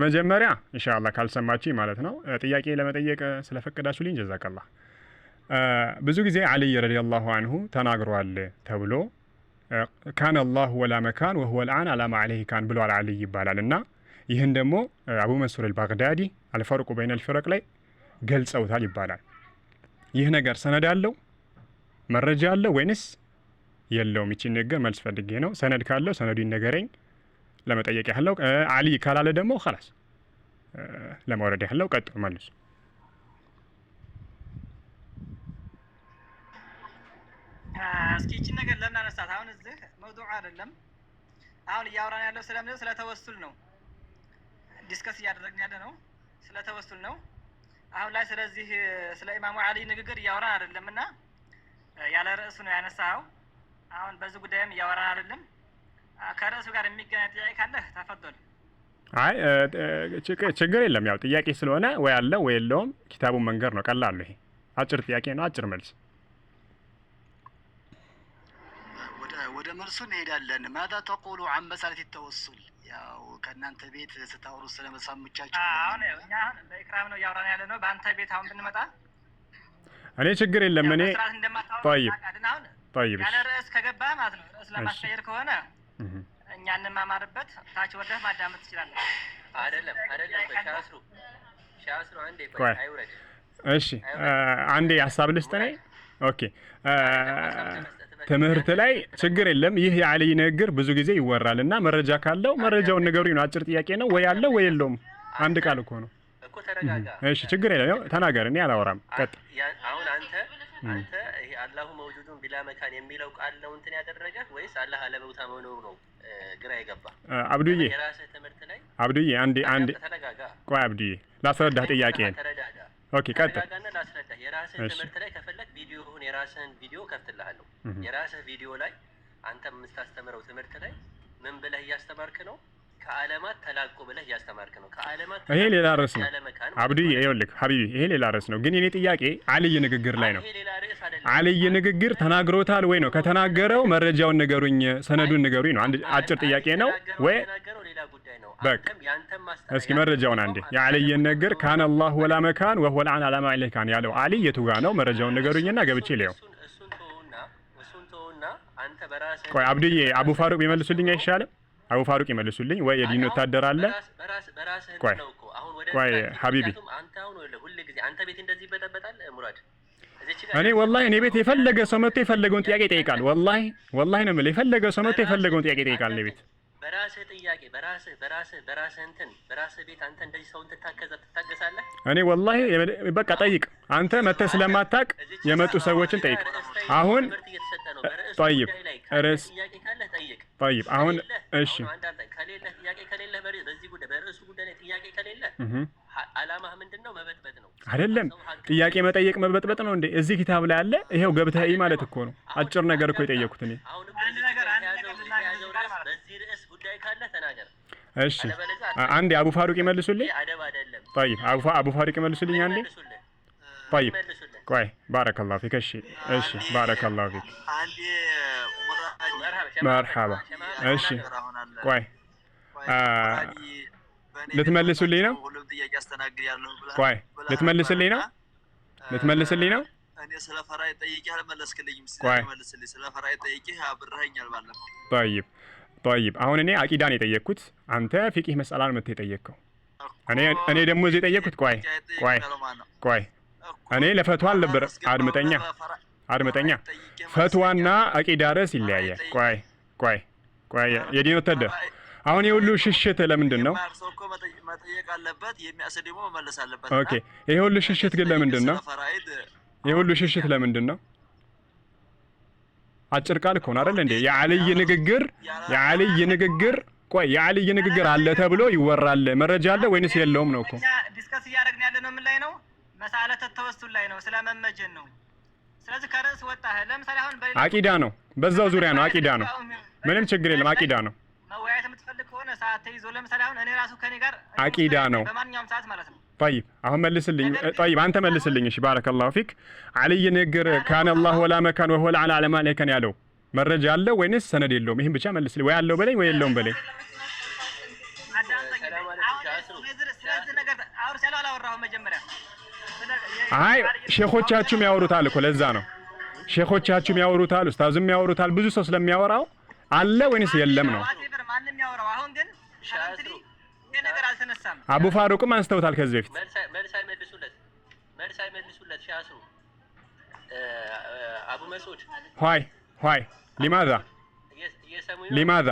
በመጀመሪያ እንሻላ ካልሰማችኝ ማለት ነው ጥያቄ ለመጠየቅ ልኝ ጀዛከላህ። ብዙ ጊዜ አልይ ረዲየላሁ አንሁ ተናግሯል ተብሎ ካነ ላሁ ወላ መካን ወሁወ ልአን አላማ አለይህ ካን ብሏል አልይ ይባላል እና ይህን ደግሞ አቡ መንሱር አልባግዳዲ አልፈርቁ በይን አልፍረቅ ላይ ገልጸውታል ይባላል። ይህ ነገር ሰነድ አለው መረጃ አለው ወይንስ የለውም? ይቺ ነገር መልስ ፈልጌ ነው። ሰነድ ካለው ሰነዱ ይነገረኝ። ለመጠየቅ ያህል ነው። አሊ ካላለ ደግሞ ላስ ለመውረድ ያህል ነው። ቀጥሉ መልሱ። እስኪ ይህችን ነገር ለምን አነሳት? አሁን እዚህ መውዱዕ አይደለም። አሁን እያወራን ያለው ስለምን? ስለ ተወሱል ነው። ዲስከስ እያደረግን ያለ ነው፣ ስለ ተወሱል ነው። አሁን ላይ ስለዚህ ስለ ኢማሙ አሊ ንግግር እያወራን አይደለም እና ያለ ርዕሱ ነው ያነሳኸው። አሁን በዚህ ጉዳይም እያወራን አይደለም። ከርዕሱ ጋር የሚገናኝ ጥያቄ ካለህ ተፈቶል። አይ ችግር የለም ያው ጥያቄ ስለሆነ ወይ አለ ወይ የለውም ኪታቡን መንገር ነው። ቀላሉ ይሄ አጭር ጥያቄ ነው፣ አጭር መልስ። ወደ መልሱ እንሄዳለን። ማዛ ተቁሉ አን መሳለት ይተወሱል ያው ከእናንተ ቤት ስታወሩ ስለመሳሙቻቸው አሁን እኛ አሁን በኢክራም ነው እያወራን ያለ ነው። በአንተ ቤት አሁን ብንመጣ እኔ ችግር የለም እኔ ጠይብ ጠይብ ያለ ርዕስ ከገባ ማለት ነው ርዕስ ለማስቀየር ከሆነ እኛ እንማማርበት። ታች ወርደህ ማዳመጥ ትችላለህ። አይደለም አይደለም፣ ሻስሩ ሻስሩ፣ አንዴ ቆይ፣ አይውረድ። እሺ አንዴ ሀሳብ ልስጥ ነኝ። ኦኬ ትምህርት ላይ ችግር የለም። ይህ የአልይ ንግግር ብዙ ጊዜ ይወራል እና መረጃ ካለው መረጃውን ንገሩኝ ነው። አጭር ጥያቄ ነው። ወይ አለው ወይ የለውም። አንድ ቃል እኮ ነው። እሺ ችግር የለም። ተናገር፣ እኔ አላወራም። ቀጥ አሁን አንተ አንተ ይሄ አላሁ መውጁዱን ቢላ መካን የሚለው ቃል ነው እንትን ያደረገ ወይስ አላህ አለመውታ መኖሩ ነው? ግራ የገባ አብዱዬ፣ የራስህ ትምህርት ላይ አብዱዬ፣ አንዴ አንዴ ተረጋጋ። ቆይ አብዱዬ፣ ላስረዳህ ጥያቄን። ኦኬ፣ ቀጥል። ላስረዳህ የራስህ ትምህርት ላይ ከፈለግ ቪዲዮህን የራስህን ቪዲዮ ከፍትልሃለሁ። የራስህ ቪዲዮ ላይ አንተ የምታስተምረው ትምህርት ላይ ምን ብለህ እያስተማርክ ነው? ከዓለማት ተላቆ ብለህ እያስተማርክ ነው። ከዓለማት ይሄ ሌላ ርዕስ ነው አብዱዬ፣ ይኸውልህ ሀቢቢ፣ ይሄ ሌላ ርዕስ ነው። ግን የኔ ጥያቄ አልይ ንግግር ላይ ነው። አልይ ንግግር ተናግሮታል ወይ ነው? ከተናገረው መረጃውን ንገሩኝ፣ ሰነዱን ንገሩኝ ነው። አንድ አጭር ጥያቄ ነው ወይ? በቃ እስኪ መረጃውን አንዴ የአልይን ነገር ካን አላሁ ወላ መካን ወሁወል አን አላማ ኢለይ ያለው አልይ የቱጋ ነው? መረጃውን ንገሩኝና ገብቼ ሊየው ቆይ አብዱዬ፣ አቡ ፋሩቅ ቢመልሱልኝ አይሻልም? አቡ ፋሩቅ ይመልሱልኝ። ወይ የዲን ወታደር አለ። ቆይ ሀቢቢ እኔ ወላሂ እኔ ቤት የፈለገ ሰው መጥቶ የፈለገውን ጥያቄ ይጠይቃል። ወላሂ ወላሂ ነው የምልህ። የፈለገ ሰው መጥቶ የፈለገውን ጥያቄ ይጠይቃል። እኔ ቤት በራስህ ጥያቄ በራስህ በራስህ በራስህ እንትን በራስህ ቤት አንተ እንደዚህ ሰው ትታከዛ ትታገሳለህ? እኔ ወላሂ በቃ ጠይቅ። አንተ መተህ ስለማታቅ የመጡ ሰዎችን ጠይቅ። አሁን ጠይቅ ርዕስ ጥያቄ ካለህ ጠይቅ ጠይብ አሁን እሺ ከሌለህ ጥያቄ ከሌለህ በዚህ ጉዳይ በርዕሱ ጉዳይ ላይ ጥያቄ ከሌለ አላማህ ምንድን ነው? መበጥበጥ ነው አይደለም? ጥያቄ መጠየቅ መበጥበጥ ነው እንዴ? እዚህ ኪታብ ላይ አለ። ይኸው ገብተህ ማለት እኮ ነው። አጭር ነገር እኮ የጠየኩት እኔ። በዚህ ርዕስ ጉዳይ ካለ ተናገር። እሺ አንዴ አቡ ፋሩቅ ይመልሱልኝ። ጠይብ አቡ ፋሩቅ ይመልሱልኝ። አንዴ ጠይብ ቆይ። ባረከላሁ ፊክ። እሺ እሺ፣ ባረከላሁ ፊክ መርሓባ። እሺ ቆይ ልትመልሱልኝ ነው? ቆይ ልትመልስልኝ ነው? ልትመልስልኝ ነው? ጠይብ ጠይብ። አሁን እኔ አቂዳን የጠየቅኩት አንተ ፊቂህ መሰላል መት የጠየቅከው እኔ ደግሞ እዚህ የጠየቅኩት ቆይ ቆይ ቆይ እኔ ለፈቷ አልነበረ። አድምጠኛ አድምጠኛ፣ ፈትዋና አቂዳ ርዕስ ይለያያል። ቆይ ቆይ ቆይ የዲን ወታደር አሁን የሁሉ ሽሽት ለምንድን ነው? መጠየቅ አለበት። የሚያስል ደግሞ መመለስ አለበት። ኦኬ ይሄ ሁሉ ሽሽት ግን ለምንድን ነው? ይሄ ሁሉ ሽሽት ለምንድን ነው? አጭር ቃል ከሆነ አይደል እንዴ? የአልይ ንግግር የአልይ ንግግር ቆይ የአልይ ንግግር አለ ተብሎ ይወራል። መረጃ አለ ወይንስ የለውም ነው እኮ ዲስከስ እያደረግን ያለ ነው። ምን ላይ ነው? መሳለተ ተወሱል ላይ ነው። ስለ መመጀን ነው። ስለዚህ ከርዕስ ወጣ። ለምሳሌ አሁን በሌላ አቂዳ ነው፣ በዛው ዙሪያ ነው፣ አቂዳ ነው ምንም ችግር የለም። አቂዳ ነው። መወያየት የምትፈልግ ከሆነ ሰዓት ተይዞ ለምሳሌ አሁን እኔ ራሱ ከኔ ጋር አቂዳ ነው በማንኛውም ሰዓት ማለት ነው። ጠይብ አሁን መልስልኝ። ጠይብ አንተ መልስልኝ። እሺ ባረከላሁ ፊክ። አልይ ንግር ካነ አላህ ወላ መካን ወሆ ለዓላ አለማሌከን ያለው መረጃ አለው ወይንስ ሰነድ የለውም? ይህም ብቻ መልስልኝ። ወይ አለው በለኝ ወይ የለውም በለኝ። አይ ሼኾቻችሁም ያወሩታል እኮ ለዛ ነው ሼኾቻችሁም ያወሩታል፣ ኡስታዝም ያወሩታል። ብዙ ሰው ስለሚያወራው አለ ወይንስ የለም ነው? አቡ ፋሩቅም አንስተውታል ከዚህ በፊት ሊማዛ ሊማዛ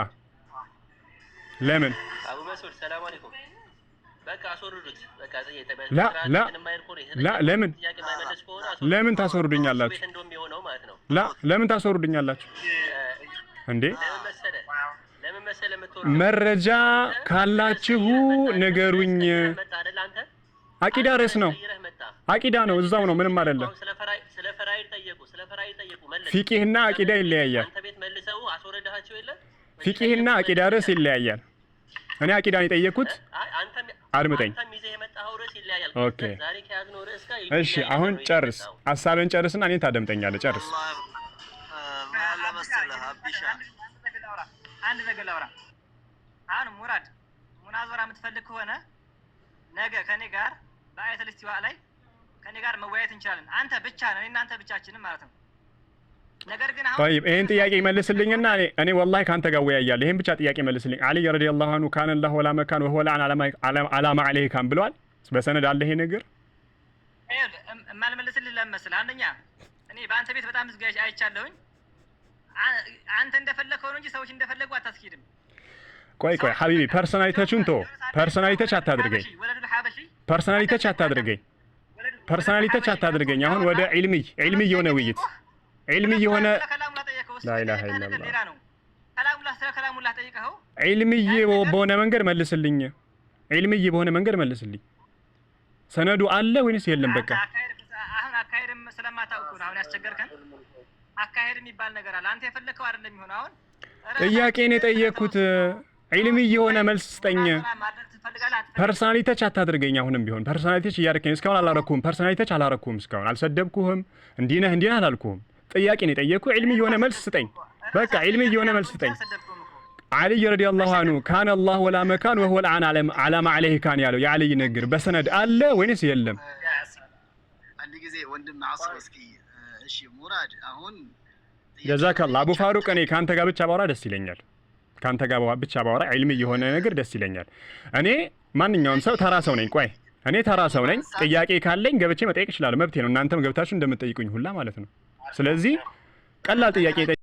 ለምን ለምን ለምን ታስወርዱኛላችሁ? ለምን ታስወርዱኛላችሁ? እንዴ መረጃ ካላችሁ ንገሩኝ። አቂዳ ርዕስ ነው። አቂዳ ነው፣ እዛው ነው፣ ምንም አይደለም። ፊቂህና አቂዳ ይለያያል። ፊቂህና አቂዳ ርዕስ ይለያያል። እኔ አቂዳን የጠየኩት አድምጠኝ። ኦኬ፣ እሺ፣ አሁን ጨርስ፣ ሀሳብን ጨርስና እኔ ታደምጠኛለህ። ጨርስ አንድ ነገር ላውራ። አሁን ሙራድ ሙናዞራ የምትፈልግ ከሆነ ነገ ከኔ ጋር በአያተል ኢስቲዋ ላይ ከኔ ጋር መወያየት እንችላለን። አንተ ብቻ ነው እኔ እናንተ ብቻችንም ማለት ነው። ነገር ግን አሁን طيب ይህን ጥያቄ ይመልስልኝና እኔ ወላሂ ካንተ ጋር ወያያለሁ። ይሄን ብቻ ጥያቄ ይመልስልኝ። አልይ ረዲየላሁ አንሁ ካነ ላሁ ወላ መካን ወሆ ልአን አላማ አለህ ካን ብለዋል። በሰነድ አለ ይሄ ነገር ለምን ለመስል አንደኛ እኔ በአንተ ቤት በጣም ዝጋጅ አይቻለሁኝ አንተ እንደፈለከው ነው እንጂ ሰዎች እንደፈለጉ አታስኪድም። ቆይ ቆይ ሀቢቢ ፐርሶናሊቲችን ቶ ፐርሶናሊቲች አታድርገኝ፣ ፐርሶናሊቲች አታድርገኝ፣ ፐርሶናሊቲች አታድርገኝ። አሁን ወደ ዒልሚ ዒልሚ የሆነ ውይይት ዒልሚ የሆነ ላኢላሃ ኢለላህ ዒልምዬ በሆነ መንገድ መልስልኝ። ዒልምዬ በሆነ መንገድ መልስልኝ። ሰነዱ አለ ወይንስ የለም? በቃ አሁን አካሄድም ስለማታውቁ አሁን ያስቸገርከን። አካሄድ የሚባል ነገር አለ። አንተ የፈለከው አይደለም የሚሆነው። አሁን ጥያቄን የጠየኩት ዒልሚ የሆነ መልስ ስጠኝ። ፐርሶናሊቲች አታድርገኝ። አሁንም ቢሆን ፐርሶናሊቲች ተች እስካሁን አላረኩም። ፐርሶናሊቲች አላረኩም እስካሁን አልሰደብኩህም። እንዲህ ነህ እንዲህ ነህ አላልኩህም። ጥያቄን የጠየኩ ዒልሚ የሆነ መልስ ስጠኝ። በቃ ዒልሚ የሆነ መልስ ስጠኝ። ዓልይ ረዲየላሁ አንሁ ካነ አላህ ወላ መካን ወሁወ ልአን አላማ ዓለይህ ካን ያለው የዓልይ ንግግር በሰነድ አለ ወይንስ የለም? አንድ ጊዜ ወንድም አስሮ እስኪ እሺ ሙራድ፣ አሁን ጀዛከላ አቡ ፋሩቅ፣ እኔ ከአንተ ጋር ብቻ ባወራ ደስ ይለኛል። ከአንተ ጋር ብቻ ባወራ ዒልሚ የሆነ ነገር ደስ ይለኛል። እኔ ማንኛውም ሰው ተራ ሰው ነኝ። ቆይ እኔ ተራ ሰው ነኝ። ጥያቄ ካለኝ ገብቼ መጠየቅ እችላለሁ፣ መብቴ ነው። እናንተም ገብታችሁ እንደምትጠይቁኝ ሁላ ማለት ነው። ስለዚህ ቀላል ጥያቄ